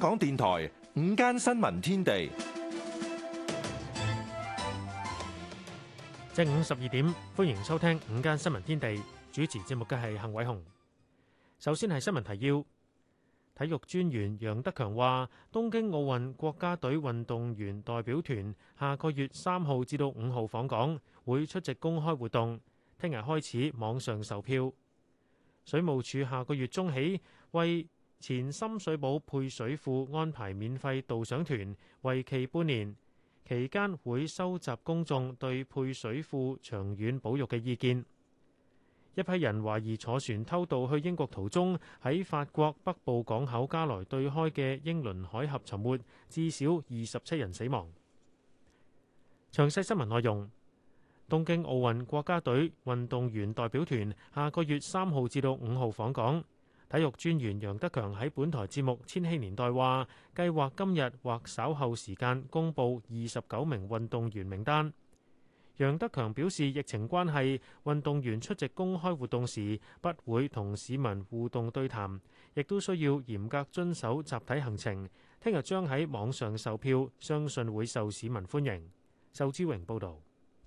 港電台午間新聞天地，正午十二點，歡迎收聽午間新聞天地。主持節目嘅係幸偉雄。首先係新聞提要。體育專員楊德強話，東京奧運國家隊運動員代表團下個月三號至到五號訪港，會出席公開活動。聽日開始網上售票。水務署下個月中起為前深水埗配水庫安排免費導賞團，為期半年，期間會收集公眾對配水庫長遠保育嘅意見。一批人懷疑坐船偷渡去英國途中，喺法國北部港口加萊對開嘅英倫海峽沉沒，至少二十七人死亡。詳細新聞內容。東京奧運國家隊運動員代表團下個月三號至到五號訪港。體育專員楊德強喺本台節目《千禧年代》話，計劃今日或稍後時間公佈二十九名運動員名單。楊德強表示，疫情關係，運動員出席公開活動時不會同市民互動對談，亦都需要嚴格遵守集體行程。聽日將喺網上售票，相信會受市民歡迎。仇志榮報導。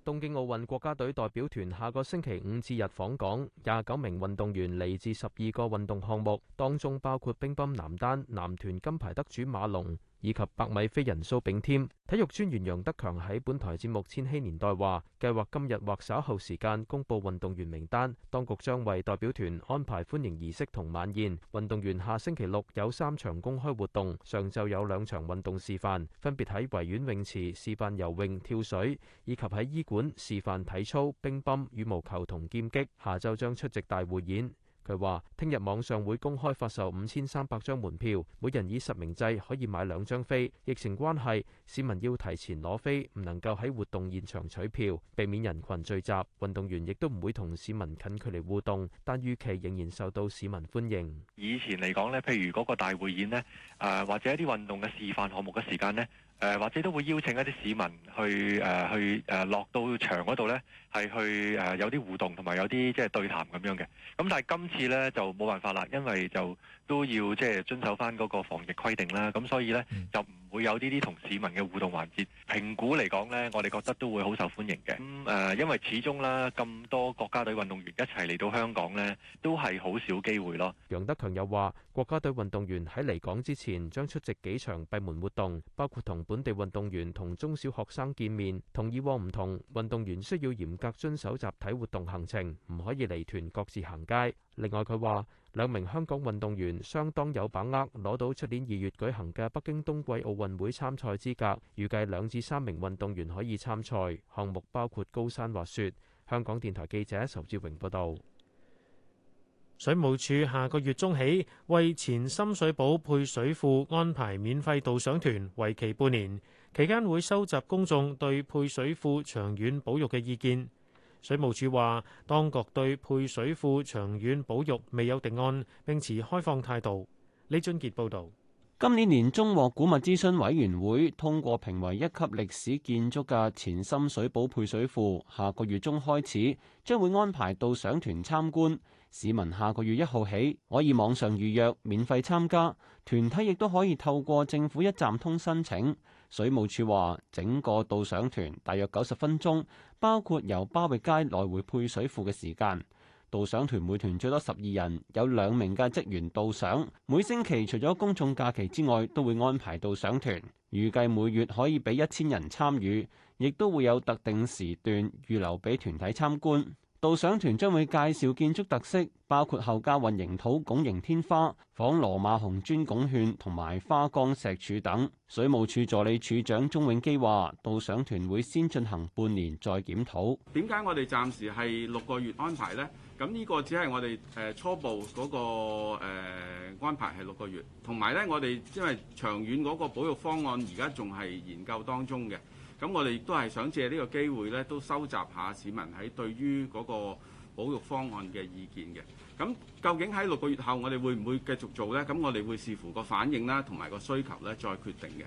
東京奧運國家隊代表團下個星期五至日訪港，廿九名運動員嚟自十二個運動項目，當中包括乒乓男單、男團金牌得主馬龍。以及百米飛人蘇炳添，體育專員楊德強喺本台節目《千禧年代》話，計劃今日或稍後時間公布運動員名單。當局將為代表團安排歡迎儀式同晚宴。運動員下星期六有三場公開活動，上晝有兩場運動示範，分別喺維園泳池示範游泳、跳水，以及喺伊館示範體操、乒乓、羽毛球同劍擊。下晝將出席大匯演。佢話：聽日網上會公開發售五千三百張門票，每人以實名制可以買兩張飛。疫情關係，市民要提前攞飛，唔能夠喺活動現場取票，避免人群聚集。運動員亦都唔會同市民近距離互動，但預期仍然受到市民歡迎。以前嚟講呢，譬如嗰個大會演呢，誒或者一啲運動嘅示範項目嘅時間呢。誒或者都會邀請一啲市民去誒、呃、去誒、呃、落到場嗰度咧，係去誒、呃、有啲互動同埋有啲即係對談咁樣嘅。咁但係今次咧就冇辦法啦，因為就都要即係、就是、遵守返嗰個防疫規定啦。咁所以咧就唔會有呢啲同市民嘅互動環節，評估嚟講呢我哋覺得都會好受歡迎嘅。咁、嗯、誒、呃，因為始終啦，咁多國家隊運動員一齊嚟到香港呢，都係好少機會咯。楊德強又話：國家隊運動員喺嚟港之前，將出席幾場閉門活動，包括同本地運動員同中小學生見面。同以往唔同，運動員需要嚴格遵守集體活動行程，唔可以離團各自行街。另外，佢話，兩名香港運動員相當有把握攞到出年二月舉行嘅北京冬季奧運會參賽資格，預計兩至三名運動員可以參賽，項目包括高山滑雪。香港電台記者仇志榮報導。水務署下個月中起，為前深水埗配水庫安排免費導賞團，為期半年，期間會收集公眾對配水庫長遠保育嘅意見。水務署話，當局對配水庫長遠保育未有定案，並持開放態度。李俊傑報導，今年年中獲古物諮詢委員會通過評為一級歷史建築嘅前深水埗配水庫，下個月中開始將會安排導賞團參觀，市民下個月一號起可以網上預約免費參加，團體亦都可以透過政府一站通申請。水務署話，整個導賞團大約九十分鐘，包括由巴域街來回配水庫嘅時間。導賞團每團最多十二人，有兩名嘅職員導賞。每星期除咗公眾假期之外，都會安排導賞團。預計每月可以俾一千人參與，亦都會有特定時段預留俾團體參觀。導賞團將會介紹建築特色，包括後加混凝土拱形天花、仿羅馬紅磚拱券同埋花崗石柱等。水務署助理署長鍾永基話：導賞團會先進行半年再檢討。點解我哋暫時係六個月安排呢？咁呢個只係我哋誒初步嗰、嗰個安、呃、排係六個月，同埋咧我哋因為長遠嗰個保育方案而家仲係研究當中嘅。咁我哋都係想借呢個機會呢都收集下市民喺對於嗰個保育方案嘅意見嘅。咁究竟喺六個月後，我哋會唔會繼續做呢？咁我哋會視乎個反應啦，同埋個需求咧，再決定嘅。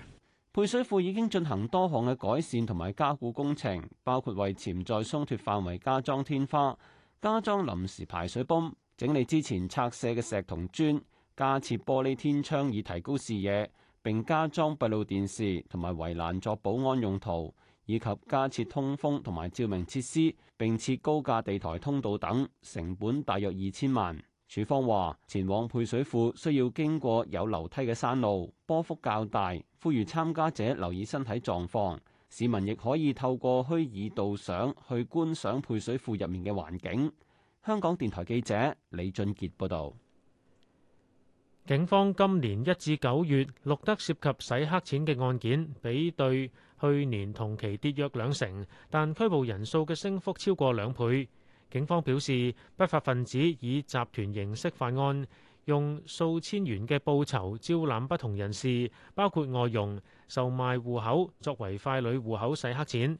配水庫已經進行多項嘅改善同埋加固工程，包括為潛在鬆脱範圍加裝天花、加裝臨時排水泵、整理之前拆卸嘅石同磚、加設玻璃天窗以提高視野。並加裝閉路電視同埋圍欄作保安用途，以及加設通風同埋照明設施，並設高架地台通道等，成本大約二千萬。署方話，前往配水庫需要經過有樓梯嘅山路，波幅較大，呼籲參加者留意身體狀況。市民亦可以透過虛擬導賞去觀賞配水庫入面嘅環境。香港電台記者李俊傑報道。警方今年一至九月錄得涉及洗黑錢嘅案件，比對去年同期跌約兩成，但拘捕人數嘅升幅超過兩倍。警方表示，不法分子以集團形式犯案，用數千元嘅報酬招攬不同人士，包括外傭、售賣戶口作為傀儡戶口洗黑錢。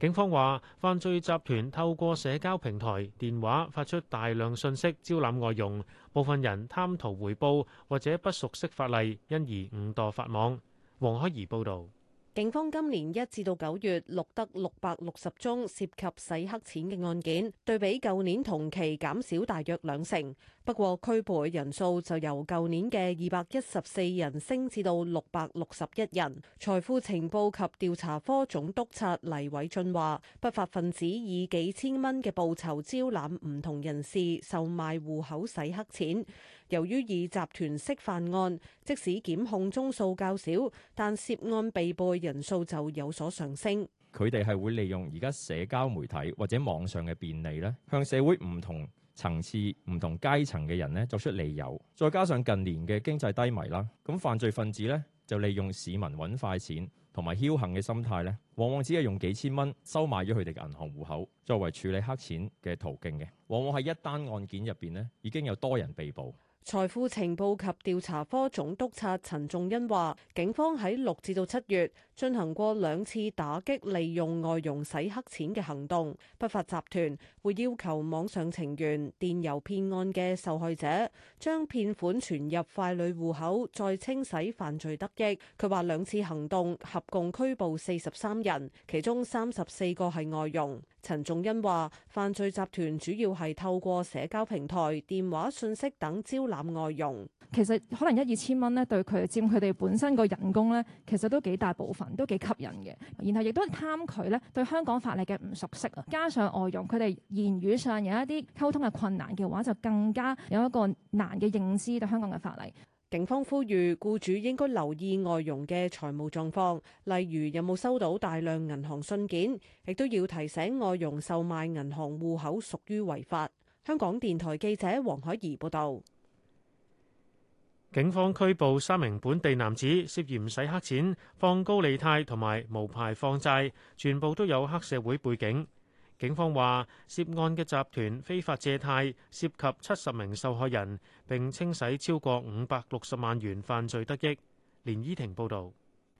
警方話，犯罪集團透過社交平台、電話發出大量信息招攬外傭，部分人貪圖回報或者不熟悉法例，因而誤墮法網。黃開儀報導，警方今年一至到九月錄得六百六十宗涉及洗黑錢嘅案件，對比舊年同期減少大約兩成。不過拘捕嘅人數就由舊年嘅二百一十四人升至到六百六十一人。財富情報及調查科總督察黎偉俊話，不法分子以幾千蚊嘅報酬招攬唔同人士，售賣戶口洗黑錢。由於以集團式犯案，即使檢控宗數較少，但涉案被捕嘅人數就有所上升。佢哋係會利用而家社交媒體或者網上嘅便利呢向社會唔同層次唔同階層嘅人呢作出利誘，再加上近年嘅經濟低迷啦，咁犯罪分子呢就利用市民揾快錢同埋僥倖嘅心態呢，往往只係用幾千蚊收買咗佢哋嘅銀行戶口作為處理黑錢嘅途徑嘅，往往喺一單案件入邊呢，已經有多人被捕。財富情報及調查科總督察陳仲恩話，警方喺六至到七月。進行過兩次打擊利用外傭洗黑錢嘅行動，不法集團會要求網上情緣、電郵騙案嘅受害者將騙款存入傀儡戶口，再清洗犯罪得益。佢話兩次行動合共拘捕四十三人，其中三十四個係外傭。陳仲恩話：犯罪集團主要係透過社交平台、電話、訊息等招攬外傭。其實可能一二千蚊呢，對佢佔佢哋本身個人工呢，其實都幾大部分。都幾吸引嘅，然後亦都貪佢咧對香港法例嘅唔熟悉啊，加上外傭佢哋言語上有一啲溝通嘅困難嘅話，就更加有一個難嘅認知對香港嘅法例。警方呼籲僱主應該留意外傭嘅財務狀況，例如有冇收到大量銀行信件，亦都要提醒外傭售賣銀行戶口屬於違法。香港電台記者黃海怡報導。警方拘捕三名本地男子，涉嫌洗黑錢、放高利貸同埋無牌放債，全部都有黑社會背景。警方話，涉案嘅集團非法借貸涉及七十名受害人，並清洗超過五百六十萬元犯罪得益。連依婷報道。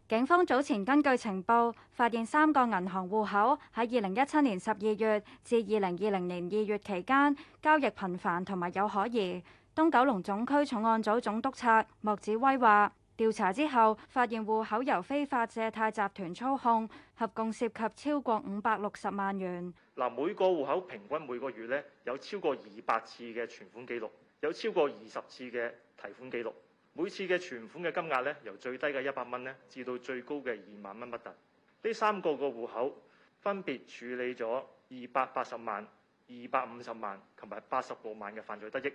警方早前根據情報發現三個銀行戶口喺二零一七年十二月至二零二零年二月期間交易頻繁同埋有可疑。東九龍總區重案組總督察莫子威話：調查之後發現戶口由非法借貸集團操控，合共涉及超過五百六十萬元。嗱，每個戶口平均每個月咧有超過二百次嘅存款記錄，有超過二十次嘅提款記錄，每次嘅存款嘅金額咧由最低嘅一百蚊咧至到最高嘅二萬蚊不等。呢三個個戶口分別處理咗二百八十萬、二百五十萬同埋八十六萬嘅犯罪得益。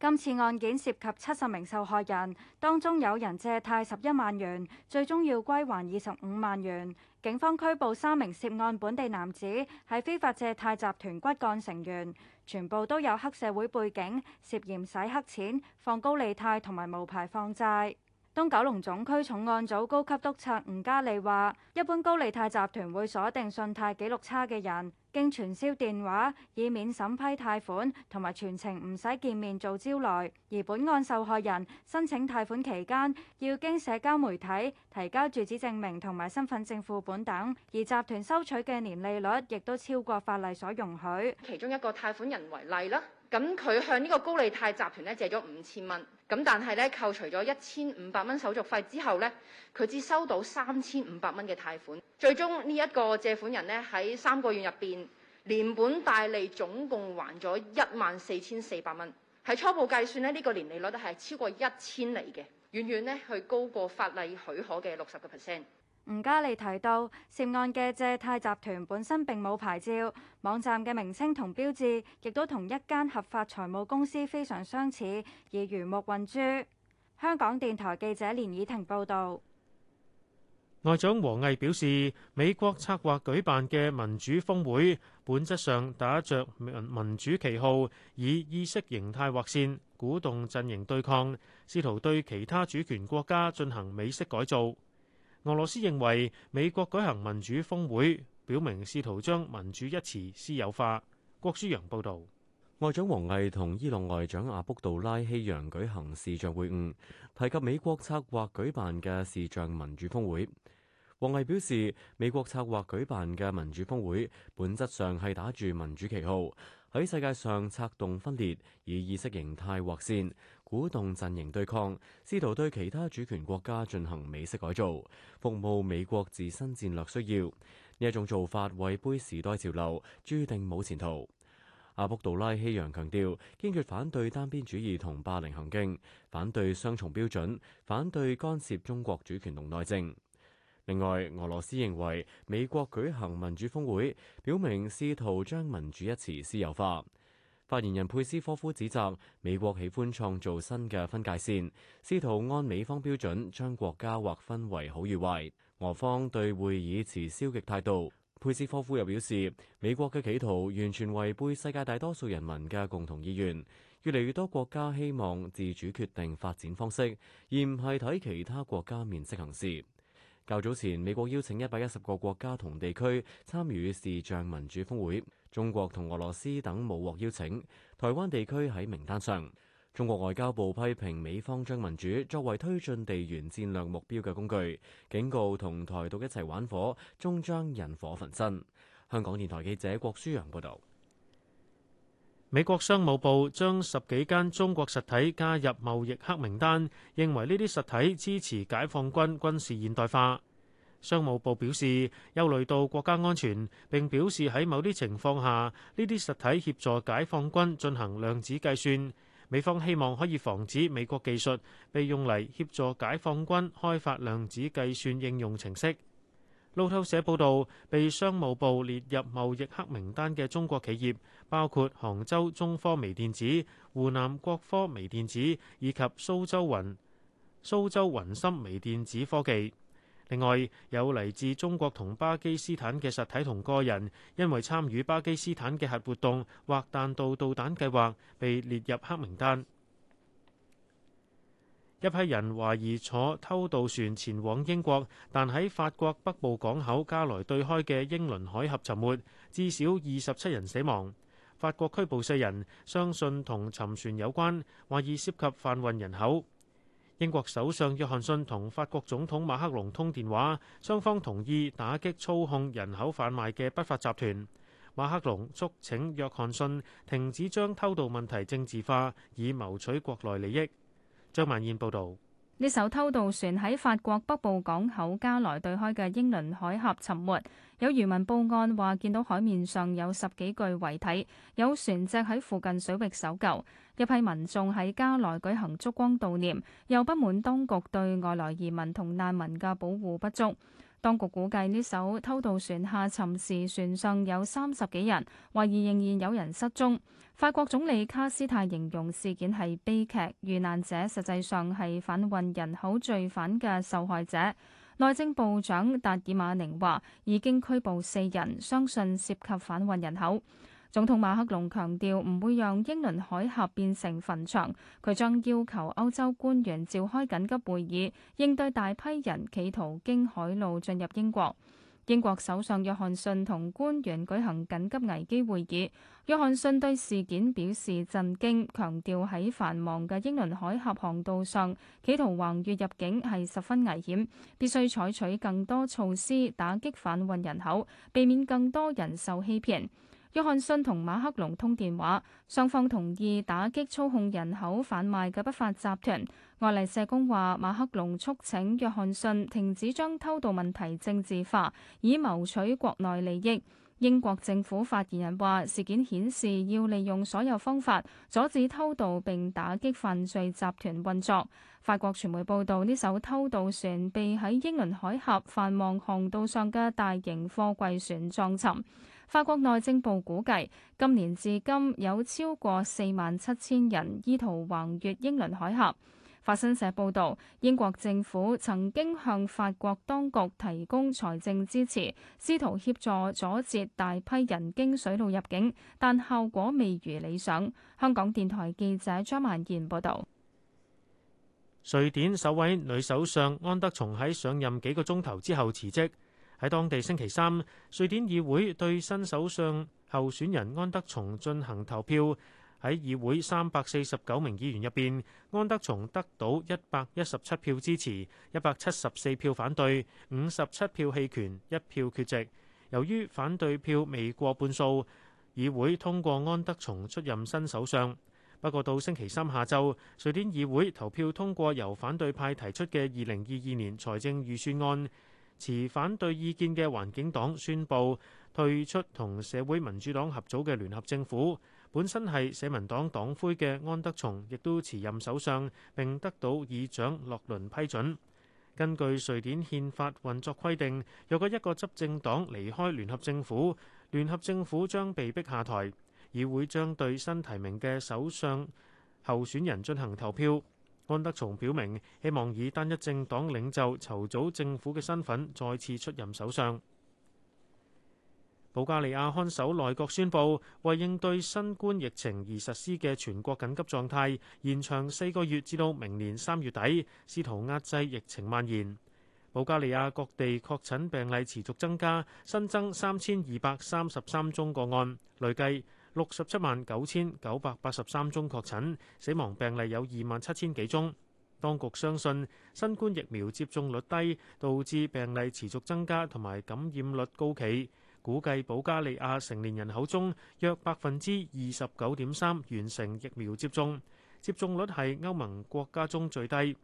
今次案件涉及七十名受害人，當中有人借貸十一萬元，最終要歸還二十五萬元。警方拘捕三名涉案本地男子，係非法借貸集團骨幹成員，全部都有黑社會背景，涉嫌洗黑錢、放高利貸同埋無牌放債。東九龍總區重案組高級督察吳嘉莉話，一般高利貸集團會鎖定信貸記錄差嘅人，經傳銷電話，以免審批貸款，同埋全程唔使見面做招來。而本案受害人申請貸款期間，要經社交媒體提交住址證明同埋身份證副本等，而集團收取嘅年利率亦都超過法例所容許。其中一個貸款人為例啦。咁佢向呢個高利貸集團咧借咗五千蚊，咁但係咧扣除咗一千五百蚊手續費之後咧，佢只收到三千五百蚊嘅貸款。最終呢一個借款人咧喺三個月入邊，連本帶利總共還咗一萬四千四百蚊。喺初步計算咧，呢個年利率都係超過一千釐嘅，遠遠咧去高過法例許可嘅六十個 percent。吳嘉莉提到，涉案嘅借貸集團本身並冇牌照，網站嘅名稱同標誌亦都同一間合法財務公司非常相似，而魚目混珠。香港電台記者連以婷報導。外長王毅表示，美國策劃舉辦嘅民主峰會，本質上打着民主旗號，以意識形態劃線，鼓動陣營對抗，試圖對其他主權國家進行美式改造。俄羅斯認為美國舉行民主峰會，表明試圖將民主一詞私有化。郭舒揚報導，外長王毅同伊朗外長阿卜杜拉希揚舉行視像會晤，提及美國策劃舉辦嘅視像民主峰會。王毅表示，美國策劃舉辦嘅民主峰會，本質上係打住民主旗號。喺世界上策動分裂，以意識形態劃線，鼓動陣營對抗，試圖對其他主權國家進行美式改造，服務美國自身戰略需要。呢一種做法違背時代潮流，注定冇前途。阿卜杜拉希揚強調，堅決反對單邊主義同霸凌行徑，反對雙重標準，反對干涉中國主權同內政。另外，俄羅斯認為美國舉行民主峰會，表明試圖將民主一詞私有化。發言人佩斯科夫指責美國喜歡創造新嘅分界線，試圖按美方標準將國家劃分為好與壞。俄方對會議持消極態度。佩斯科夫又表示，美國嘅企圖完全違背世界大多數人民嘅共同意願。越嚟越多國家希望自主決定發展方式，而唔係睇其他國家面色行事。較早前，美國邀請一百一十個國家同地區參與視像民主峰會，中國同俄羅斯等冇獲邀請，台灣地區喺名單上。中國外交部批評美方將民主作為推進地緣戰略目標嘅工具，警告同台獨一齊玩火，終將引火焚身。香港電台記者郭舒揚報道。美國商務部將十幾間中國實體加入貿易黑名單，認為呢啲實體支持解放軍軍事現代化。商務部表示，憂慮到國家安全，並表示喺某啲情況下，呢啲實體協助解放軍進行量子計算。美方希望可以防止美國技術被用嚟協助解放軍開發量子計算應用程式。路透社報道，被商務部列入貿易黑名單嘅中國企業包括杭州中科微電子、湖南國科微電子以及蘇州雲，蘇州雲深微電子科技。另外，有嚟自中國同巴基斯坦嘅實體同個人，因為參與巴基斯坦嘅核活動或彈道導彈計劃，被列入黑名單。一批人懷疑坐偷渡船前往英國，但喺法國北部港口加來對開嘅英倫海峽沉沒，至少二十七人死亡。法國拘捕四人，相信同沉船有關，懷疑涉及販運人口。英國首相約翰遜同法國總統馬克龍通電話，雙方同意打擊操控人口販賣嘅不法集團。馬克龍促請約翰遜停止將偷渡問題政治化，以謀取國內利益。張萬燕報道：呢艘偷渡船喺法國北部港口加萊對開嘅英倫海峽沉沒，有漁民報案話見到海面上有十幾具遺體，有船隻喺附近水域搜救。一批民眾喺加萊舉行燭光悼念，又不滿當局對外來移民同難民嘅保護不足。當局估計呢艘偷渡船下沉時，船上有三十幾人，懷疑仍然有人失蹤。法國總理卡斯泰形容事件係悲劇，遇難者實際上係販運人口罪犯嘅受害者。內政部長達爾馬寧話已經拘捕四人，相信涉及販運人口。總統馬克龍強調唔會讓英倫海峽變成墳場，佢將要求歐洲官員召開緊急會議，應對大批人企圖經海路進入英國。英國首相約翰遜同官員舉行緊急危機會議，約翰遜對事件表示震驚，強調喺繁忙嘅英倫海峽航道上企圖橫越入境係十分危險，必須採取更多措施打擊販運人口，避免更多人受欺騙。約翰遜同馬克龍通電話，雙方同意打擊操控人口販賣嘅不法集團。愛麗舍宮話，馬克龍促請約翰遜停止將偷渡問題政治化，以謀取國內利益。英國政府發言人話，事件顯示要利用所有方法阻止偷渡，並打擊犯罪集團運作。法國傳媒報道，呢艘偷渡船被喺英倫海峽繁忙航道上嘅大型貨櫃船撞沉。法國內政部估計，今年至今有超過四萬七千人意圖橫越英倫海峽。法新社報導，英國政府曾經向法國當局提供財政支持，試圖協助阻截大批人經水路入境，但效果未如理想。香港電台記者張曼賢報導。瑞典首位女首相安德松喺上任幾個鐘頭之後辭職。喺當地星期三，瑞典議會對新首相候選人安德松進行投票。喺議會三百四十九名議員入邊，安德松得到一百一十七票支持，一百七十四票反對，五十七票棄權，一票缺席。由於反對票未過半數，議會通過安德松出任新首相。不過到星期三下晝，瑞典議會投票通過由反對派提出嘅二零二二年財政預算案。持反對意見嘅環境黨宣布退出同社會民主黨合組嘅聯合政府。本身係社民黨黨魁嘅安德松亦都辭任首相，並得到議長洛倫批准。根據瑞典憲法運作規定，若果一個執政黨離開聯合政府，聯合政府將被逼下台，議會將對新提名嘅首相候選人進行投票。安德松表明希望以單一政黨領袖籌組政府嘅身份再次出任首相。保加利亞看守內閣宣布，為應對新冠疫情而實施嘅全國緊急狀態延長四個月，至到明年三月底，試圖壓制疫情蔓延。保加利亞各地確診病例持續增加，新增三千二百三十三宗個案，累計。六十七萬九千九百八十三宗確診，死亡病例有二萬七千幾宗。當局相信新冠疫苗接種率低，導致病例持續增加同埋感染率高企。估計保加利亞成年人口中約百分之二十九點三完成疫苗接種，接種率係歐盟國家中最低。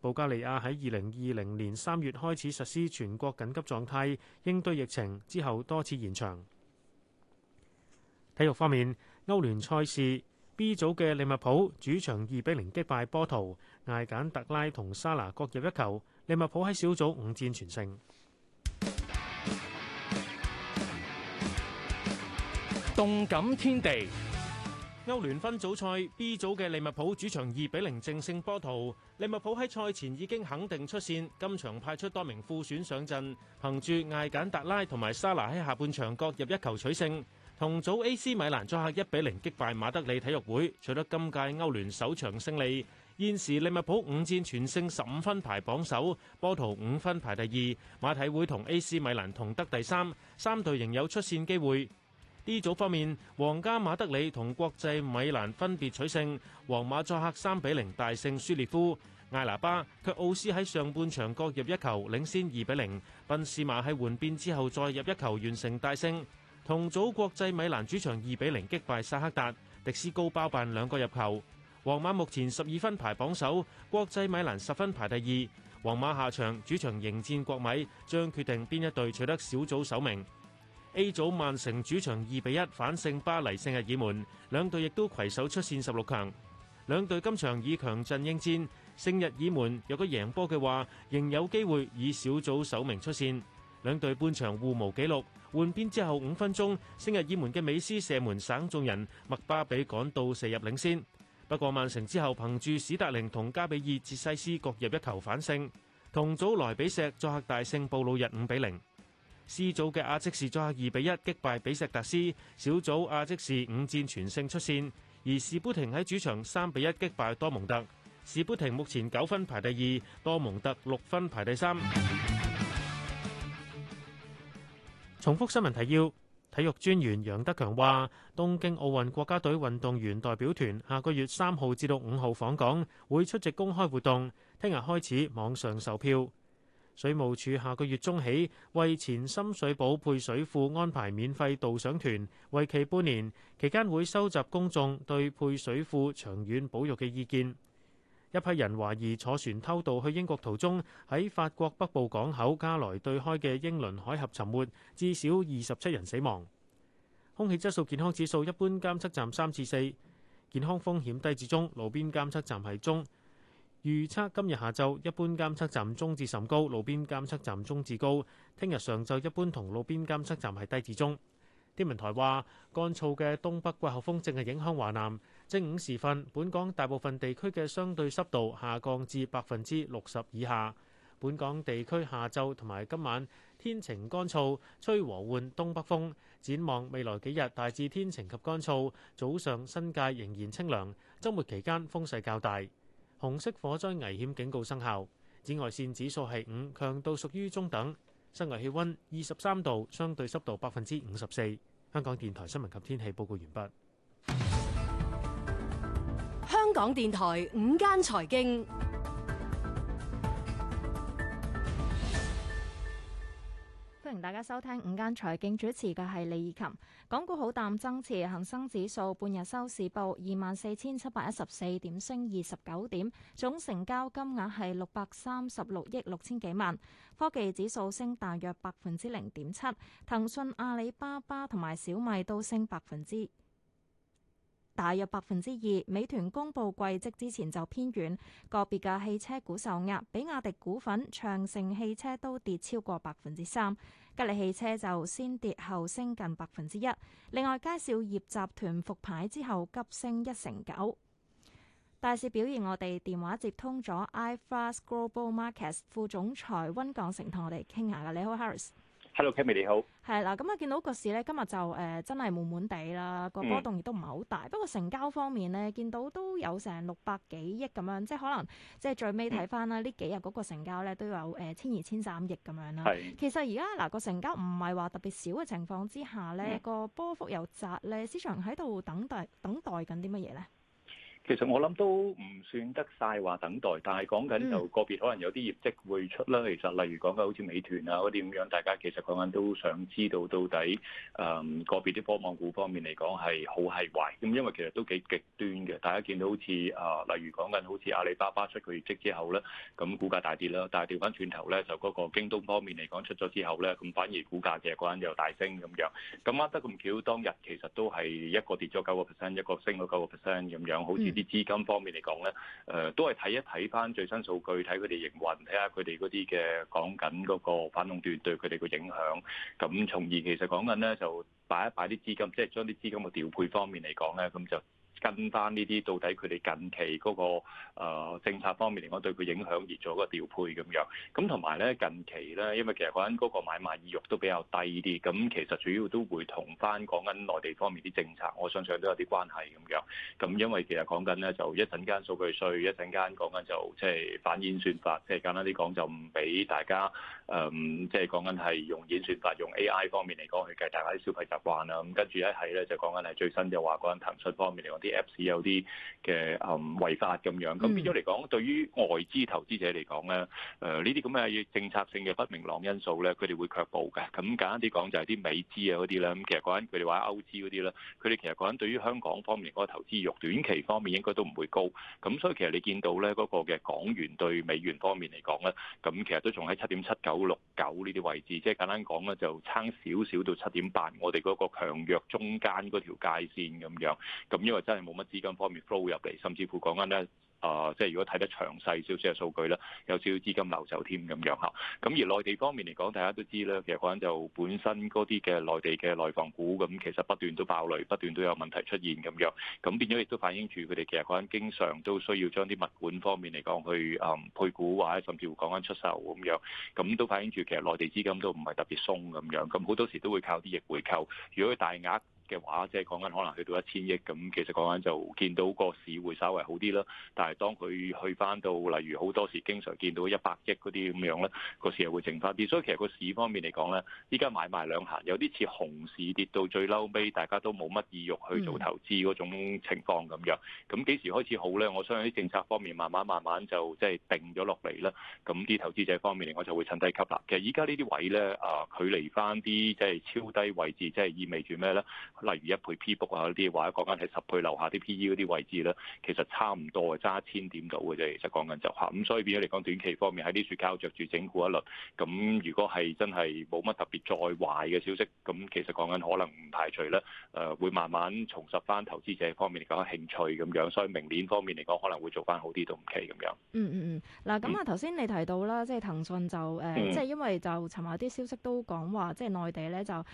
保加利亞喺二零二零年三月開始實施全國緊急狀態，應對疫情，之後多次延長。體育方面，歐聯賽事 B 組嘅利物浦主場二比零擊敗波圖，艾簡特拉同沙拿各入一球，利物浦喺小組五戰全勝。動感天地，歐聯分組賽 B 組嘅利物浦主場二比零淨勝波圖，利物浦喺賽前已經肯定出線，今場派出多名副選上陣，憑住艾簡特拉同埋沙拿喺下半場各入一球取勝。同組 A.C. 米蘭作客一比零擊敗馬德里體育會，取得今屆歐聯首場勝利。現時利物浦五戰全勝十五分排榜首，波圖五分排第二，馬體會同 A.C. 米蘭同得第三，三隊仍有出線機會。D 組方面，皇家馬德里同國際米蘭分別取勝，皇馬作客三比零大勝舒列夫，艾拿巴卻奧斯喺上半場各入一球，領先二比零，0，賓士馬喺換邊之後再入一球完成大勝。同組國際米蘭主場二比零擊敗薩克達，迪斯高包辦兩個入球。皇馬目前十二分排榜首，國際米蘭十分排第二。皇馬下場主場迎戰國米，將決定邊一隊取得小組首名。A 組曼城主場二比一反勝巴黎聖日耳門，兩隊亦都攜手出線十六強。兩隊今場以強陣應戰，聖日耳門若果贏波嘅話，仍有機會以小組首名出線。兩隊半場互無紀錄，換邊之後五分鐘，聖日耳門嘅美斯射門省眾人，麥巴比趕到射入領先。不過曼城之後憑住史達靈同加比爾捷西斯各入一球反勝，同組萊比石作客大勝布魯日五比零。C 組嘅阿積士作客二比一擊敗比石達斯，小組阿積士五戰全勝出線，而士砵廷喺主場三比一擊敗多蒙特，士砵廷目前九分排第二，多蒙特六分排第三。重複新聞提要。體育專員楊德強話，東京奧運國家隊運動員代表團下個月三號至到五號訪港，會出席公開活動。聽日開始網上售票。水務署下個月中起為前深水埗配水庫安排免費導賞團，為期半年，期間會收集公眾對配水庫長遠保育嘅意見。一批人懷疑坐船偷渡去英國途中，喺法國北部港口加萊對開嘅英倫海峽沉沒，至少二十七人死亡。空氣質素健康指數一般監測站三至四，健康風險低至中；路邊監測站係中。預測今日下晝一般監測站中至甚高，路邊監測站中至高。聽日上晝一般同路邊監測站係低至中。天文台話，乾燥嘅東北季候風正係影響華南。正午時分，本港大部分地區嘅相對濕度下降至百分之六十以下。本港地區下晝同埋今晚天晴乾燥，吹和緩東北風。展望未來幾日，大致天晴及乾燥，早上新界仍然清涼。週末期間風勢較大。紅色火災危險警告生效，紫外線指數係五，強度屬於中等。室外氣溫二十三度，相對濕度百分之五十四。香港電台新聞及天氣報告完畢。港電台午間財經，歡迎大家收聽午間財經主持嘅係李以琴。港股好淡，增持恒生指數半日收市報二萬四千七百一十四點，升二十九點，總成交金額係六百三十六億六千幾萬。科技指數升大約百分之零點七，騰訊、阿里巴巴同埋小米都升百分之。大約百分之二，美團公布季績之前就偏軟，個別嘅汽車股受壓，比亞迪股份、長城汽車都跌超過百分之三，吉利汽車就先跌後升近百分之一。另外，佳兆業集團復牌之後急升一成九。大市表現我，我哋電話接通咗 iFAST Global Markets 副總裁溫鋼城同我哋傾下嘅，你好，Harris。Hello，Kami 你好。係啦，咁 啊，見到個市咧，今日就誒真係悶悶地啦，個波動亦都唔係好大。不 過、呃、成交方面咧，見到都有成六百幾億咁樣，即係可能即係最尾睇翻啦，呢幾日嗰個成交咧都有誒千二千三億咁樣啦。係。其實而家嗱個成交唔係話特別少嘅情況之下咧，個、嗯、 波幅又窄咧，市場喺度等待等待緊啲乜嘢咧？其實我諗都唔算得晒話等待，但係講緊就個別可能有啲業績會出啦。其實例如講緊好似美團啊嗰啲咁樣，大家其實講緊都想知道到底誒、嗯、個別啲科網股方面嚟講係好係壞咁，因為其實都幾極端嘅。大家見到好似啊，例如講緊好似阿里巴巴出佢業績之後咧，咁股價大跌啦。但係掉翻轉頭咧，就嗰個京東方面嚟講出咗之後咧，咁反而股價其實講緊又大升咁樣。咁啱得咁巧，當日其實都係一個跌咗九個 percent，一個升咗九個 percent 咁樣，好似。資金方面嚟講咧，誒、呃、都係睇一睇翻最新數據，睇佢哋營運，睇下佢哋嗰啲嘅講緊嗰個反壟斷對佢哋個影響，咁從而其實講緊咧就擺一擺啲資金，即係將啲資金嘅調配方面嚟講咧，咁就。跟翻呢啲，到底佢哋近期嗰、嗰個、呃、政策方面嚟講，對佢影響而做嗰個調配咁樣。咁同埋咧，近期咧，因為其實講緊嗰個買賣意欲都比較低啲，咁其實主要都會同翻講緊內地方面啲政策，我相信都有啲關係咁樣。咁因為其實講緊咧，就一陣間數據稅，一陣間講緊就即係反演算法，即係簡單啲講就唔俾大家誒，即係講緊係用演算法、用 AI 方面嚟講去計大家啲消費習慣啦。咁跟住一係咧就講緊係最新就話講騰訊方面嚟啲。Apps 有啲嘅誒違法咁樣，咁變咗嚟講，對於外資投資者嚟講咧，誒呢啲咁嘅政策性嘅不明朗因素咧，佢哋會卻步嘅。咁簡單啲講，就係啲美資啊嗰啲啦，咁其實講緊佢哋話歐資嗰啲啦，佢哋其實講緊對於香港方面嗰個投資欲短期方面應該都唔會高。咁所以其實你見到咧嗰個嘅港元對美元方面嚟講咧，咁其實都仲喺七點七九六九呢啲位置，即係簡單講咧就差少少到七點八，我哋嗰個強弱中間嗰條界線咁樣。咁因為真係。冇乜資金方面流入嚟，甚至乎講緊咧啊，即係如果睇得詳細少少嘅數據咧，有少少資金流走添咁樣嚇。咁而內地方面嚟講，大家都知咧，其實講緊就本身嗰啲嘅內地嘅內房股咁，其實不斷都爆雷，不斷都有問題出現咁樣。咁變咗亦都反映住佢哋其實講緊經常都需要將啲物管方面嚟講去啊、嗯、配股或者甚至乎講緊出售咁樣。咁都反映住其實內地資金都唔係特別鬆咁樣。咁好多時都會靠啲逆回購。如果佢大額嘅話，即係講緊可能去到一千億咁，其實講緊就見到個市會稍微好啲啦。但係當佢去翻到，例如好多時經常見到一百億嗰啲咁樣咧，個市又會靜翻啲。所以其實個市方面嚟講咧，依家買賣兩行有啲似熊市跌到最嬲尾，大家都冇乜意欲去做投資嗰種情況咁樣。咁幾時開始好咧？我相信啲政策方面慢慢慢慢就即係定咗落嚟啦。咁啲投資者方面嚟我就會趁低吸納啦。其實依家呢啲位咧啊，距離翻啲即係超低位置，即係意味住咩咧？例如一倍 P Book 啊，嗰啲或者講緊係十倍樓下啲 P/E 嗰啲位置咧，其實差唔多嘅，爭一千點到嘅啫。其實講緊就下，咁所以變咗嚟講，短期方面喺啲處交着住整固一輪。咁如果係真係冇乜特別再壞嘅消息，咁其實講緊可能唔排除咧，誒會慢慢重拾翻投資者方面嚟講興趣咁樣。所以明年方面嚟講，可能會做翻好啲都唔奇咁樣。嗯嗯嗯，嗱咁啊，頭先你提到啦，即係騰訊就誒，即係因為就尋日啲消息都講話，即係內地咧就誒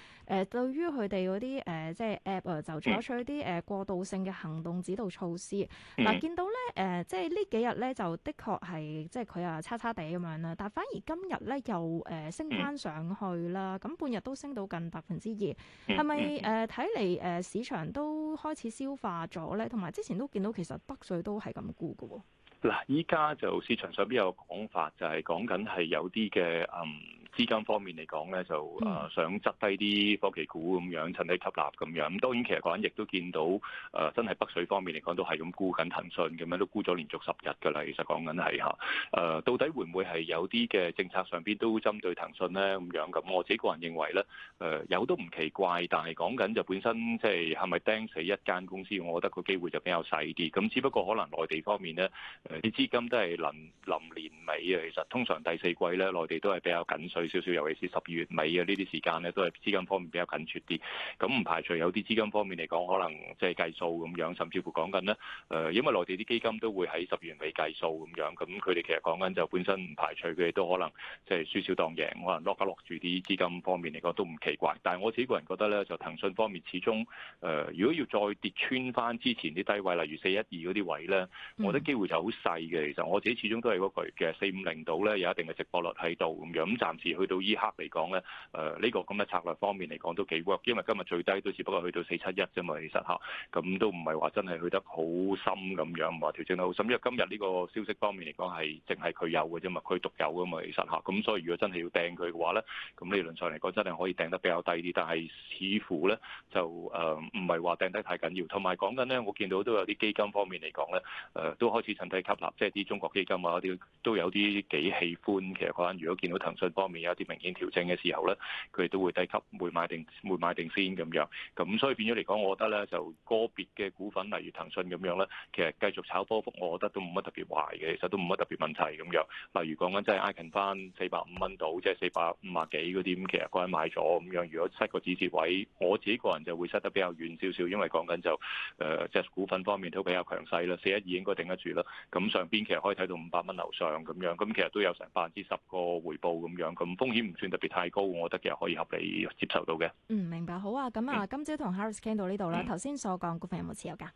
對、呃、於佢哋嗰啲誒。呃即係 app 就採取啲誒過渡性嘅行動指導措施。嗱、嗯啊，見到咧誒、呃，即係呢幾日咧，就的確係即係佢啊，叉叉地咁樣啦。但係反而今日咧，又、呃、誒升翻上去啦。咁、嗯、半日都升到近百分之二，係咪誒睇嚟誒市場都開始消化咗咧？同埋之前都見到其實北水都係咁沽嘅喎。嗱，依家就市場上邊有講法，就係講緊係有啲嘅嗯。資金方面嚟講咧，就誒想執低啲科技股咁樣，趁低吸納咁樣。咁當然其實講緊亦都見到誒，真係北水方面嚟講都係咁沽緊騰訊咁樣，都沽咗連續十日㗎啦。其實講緊係嚇誒，到底會唔會係有啲嘅政策上邊都針對騰訊咧咁樣？咁我自己個人認為咧，誒有都唔奇怪，但係講緊就本身即係係咪釘死一間公司？我覺得個機會就比較細啲。咁只不過可能內地方面咧，啲資金都係臨臨年尾啊。其實通常第四季咧，內地都係比較緊水少少，尤其是十二月尾啊呢啲時間呢都係資金方面比較緊缺啲。咁唔排除有啲資金方面嚟講，可能即係計數咁樣，甚至乎講緊呢，誒，因為內地啲基金都會喺十二月尾計數咁樣，咁佢哋其實講緊就本身唔排除佢哋都可能即係輸少當贏，可能落一落住啲資金方面嚟講都唔奇怪。但係我自己個人覺得呢，就騰訊方面始終誒、呃，如果要再跌穿翻之前啲低位，例如四一二嗰啲位呢，嗯、我覺得機會就好細嘅。其實我自己始終都係嗰句嘅，四五零度呢，有一定嘅直播率喺度咁樣，咁暫時。去到依刻嚟講咧，誒、這、呢個咁嘅策略方面嚟講都幾 work，因為今日最低都只不過去到四七一啫嘛，其實嚇，咁都唔係話真係去得好深咁樣，唔話調整得好深，因為今日呢個消息方面嚟講係淨係佢有嘅啫嘛，佢獨有嘅嘛，其實嚇，咁所以如果真係要掟佢嘅話咧，咁理論上嚟講真係可以掟得比較低啲，但係似乎咧就誒唔係話掟得太緊要。同埋講緊咧，我見到都有啲基金方面嚟講咧，誒、呃、都開始趁低吸納，即係啲中國基金啊，啲都有啲幾喜歡其實嗰陣，如果見到騰訊方面，有啲明顯調整嘅時候咧，佢都會低吸，會買定會買定先咁樣。咁所以變咗嚟講，我覺得咧就個別嘅股份，例如騰訊咁樣咧，其實繼續炒波幅，我覺得都冇乜特別壞嘅，其實都冇乜特別問題咁樣。例如講緊即係挨近翻四百五蚊度，即係四百五啊幾嗰啲，咁其實個人買咗咁樣。如果失個指跌位，我自己個人就會塞得比較遠少少，因為講緊就、呃、即係股份方面都比較強勢啦，四一二應該頂得住啦。咁上邊其實可以睇到五百蚊樓上咁樣，咁其實都有成百分之十個回報咁樣咁。風險唔算特別太高，我覺得其實可以合理接受到嘅。嗯，明白，好啊。咁、嗯、啊，今朝同 Harris 傾到呢度啦。頭先、嗯、所講股份有冇持有㗎？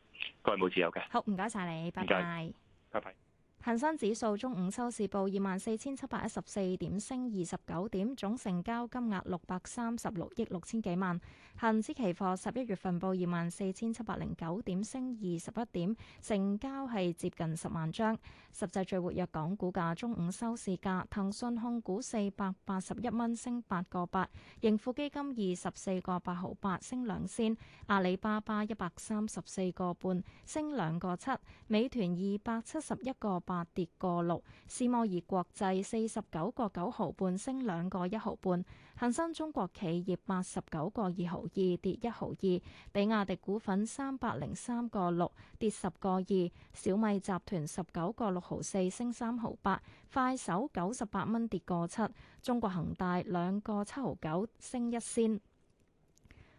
各位冇持有嘅。好，唔該晒你，謝謝拜拜。拜拜。恒生指數中午收市報二萬四千七百一十四點，升二十九點，總成交金額六百三十六億六千幾萬。恒指期貨十一月份報二萬四千七百零九點，升二十一點，成交係接近十萬張。十隻最活躍港股價，中午收市價，騰訊控股四百八十一蚊，升八個八；盈富基金二十四個八毫八，升兩仙；阿里巴巴一百三十四個半，升兩個七；美團二百七十一個八。跌個六，斯摩爾國際四十九個九毫半，升兩個一毫半，恒生中國企業八十九個二毫二，跌一毫二，比亞迪股份三百零三個六，跌十個二，小米集團十九個六毫四，升三毫八，快手九十八蚊跌個七，中國恒大兩個七毫九，升一仙。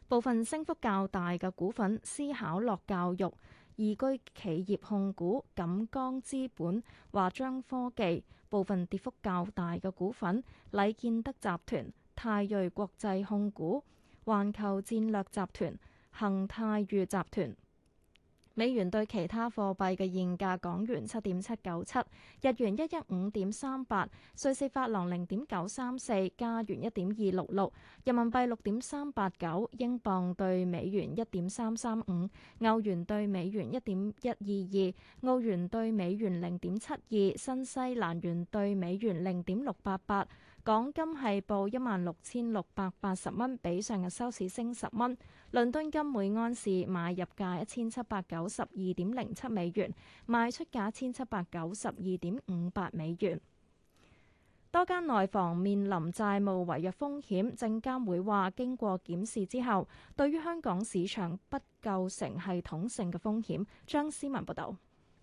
部分升幅較大嘅股份，思考樂教育、易居企業控股、錦江資本、華章科技。部分跌幅較大嘅股份，禮建德集團、泰瑞國際控股、環球戰略集團、恒泰裕集團。美元兌其他貨幣嘅現價：港元七點七九七，日元一一五點三八，瑞士法郎零點九三四，加元一點二六六，人民幣六點三八九，英鎊對美元一點三三五，歐元對美元一點一二二，澳元對美元零點七二，新西蘭元對美元零點六八八。港金係報一萬六千六百八十蚊，比上日收市升十蚊。倫敦金每盎司買入價一千七百九十二點零七美元，賣出價一千七百九十二點五八美元。多間內房面臨債務違約風險，證監會話經過檢視之後，對於香港市場不構成系統性嘅風險。張思文報道。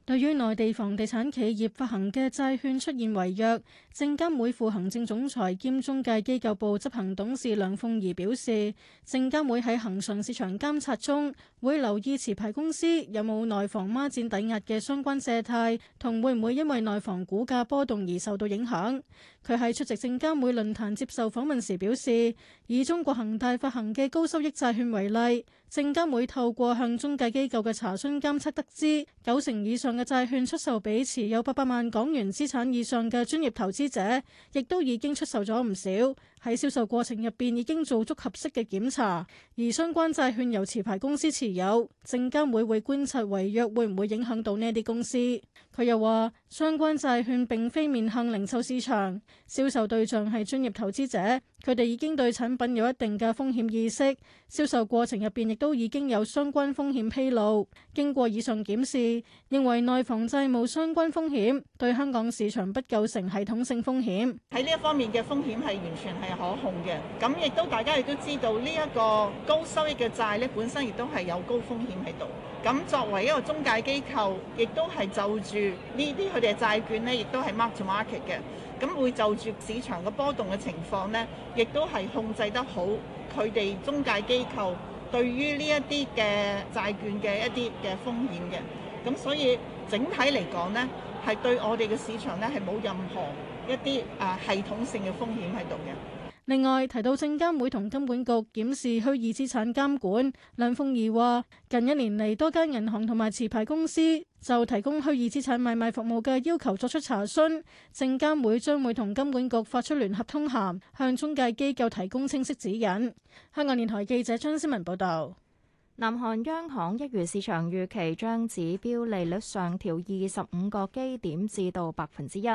對於內地房地產企業發行嘅債券出現違約，證監會副行政總裁兼中介機構部執行董事梁鳳儀表示，證監會喺恒常市場監察中會留意持牌公司有冇內房孖展抵押嘅相關借貸，同會唔會因為內房股價波動而受到影響。佢喺出席證監會論壇接受訪問時表示，以中國恒大發行嘅高收益債券為例。證監會透過向中介機構嘅查詢監測得知，九成以上嘅債券出售俾持有八百萬港元資產以上嘅專業投資者，亦都已經出售咗唔少。喺銷售過程入邊已經做足合適嘅檢查，而相關債券由持牌公司持有，證監會會觀察違約會唔會影響到呢啲公司。佢又話，相關債券並非面向零售市場，銷售對象係專業投資者，佢哋已經對產品有一定嘅風險意識，銷售過程入邊亦都已經有相關風險披露。經過以上檢視，認為內房債務相關風險對香港市場不構成系統性風險。喺呢一方面嘅風險係完全係。係可控嘅，咁亦都大家亦都知道呢一個高收益嘅債咧，本身亦都係有高風險喺度。咁作為一個中介機構亦都係就住呢啲佢哋嘅債券咧，亦都係 mark to market 嘅。咁會就住市場嘅波動嘅情況咧，亦都係控制得好佢哋中介機構對於呢一啲嘅債券嘅一啲嘅風險嘅。咁所以整體嚟講咧，係對我哋嘅市場咧係冇任何一啲啊系統性嘅風險喺度嘅。另外提到證監會同金管局檢視虛擬資產監管，梁鳳儀話近一年嚟多間銀行同埋持牌公司就提供虛擬資產買賣服務嘅要求作出查詢，證監會將會同金管局發出聯合通函，向中介機構提供清晰指引。香港電台記者張思文報道。南韓央行一如市場預期，將指標利率上調二十五個基點至到百分之一。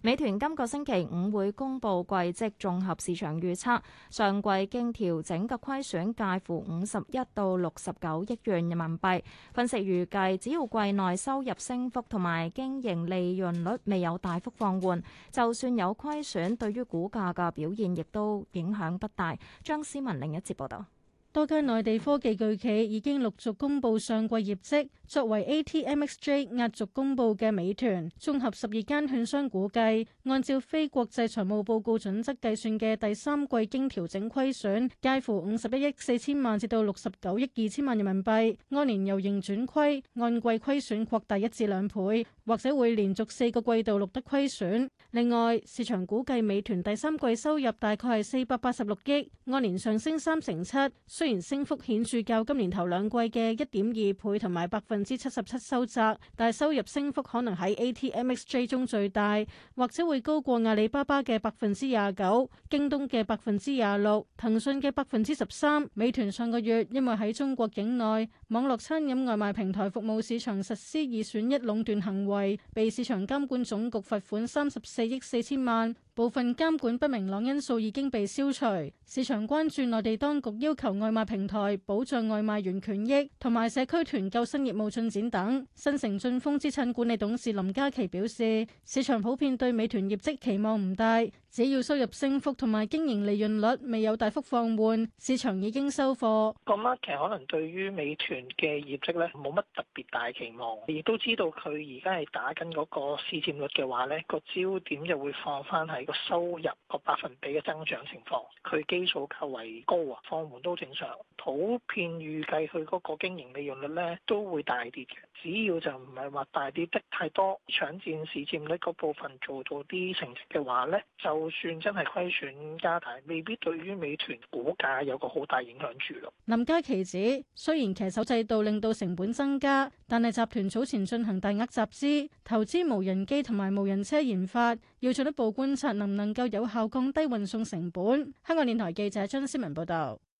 美團今個星期五會公布季績，綜合市場預測，上季經調整嘅虧損介乎五十一到六十九億元人民幣。分析預計，只要季內收入升幅同埋經營利潤率未有大幅放緩，就算有虧損，對於股價嘅表現亦都影響不大。張思文另一節報道。多間內地科技巨企已經陸續公布上季業績，作為 ATMXJ 壓軸公布嘅美團，綜合十二間券商估計，按照非國際財務報告準則計算嘅第三季經調整虧損介乎五十一億四千萬至到六十九億二千萬人民幣，按年由盈轉虧，按季虧損擴大一至兩倍，或者會連續四個季度錄得虧損。另外，市場估計美團第三季收入大概係四百八十六億，按年上升三成七。雖然升幅顯著，較今年頭兩季嘅一點二倍同埋百分之七十七收窄，但收入升幅可能喺 ATMXJ 中最大，或者會高過阿里巴巴嘅百分之廿九、京東嘅百分之廿六、騰訊嘅百分之十三。美團上個月因為喺中國境內網絡餐飲外賣平台服務市場實施二選一壟斷行為，被市場監管總局罰款三十四億四千萬，部分監管不明朗因素已經被消除。市場關注內地當局要求外賣平台保障外賣員權益同埋社區團購新業務進展等。新城晉豐資產管理董事林嘉琪表示，市場普遍對美團業績期望唔大。只要收入升幅同埋經營利潤率未有大幅放緩，市場已經收貨。咁啊，其實可能對於美團嘅業績咧，冇乜特別大期望，亦都知道佢而家係打緊嗰個市佔率嘅話咧，個焦點就會放翻喺個收入個百分比嘅增長情況。佢基數較為高啊，放緩都正常。普遍預計佢嗰個經營利潤率咧都會大跌嘅，只要就唔係話大跌得太多，搶佔市佔率嗰部分做到啲成績嘅話咧，就。算真係虧損加大，未必對於美團股價有個好大影響住咯。林嘉琪指，雖然騎手制度令到成本增加，但係集團早前進行大額集資，投資無人機同埋無人車研發，要進一步觀察能唔能夠有效降低運送成本。香港電台記者張思文報道。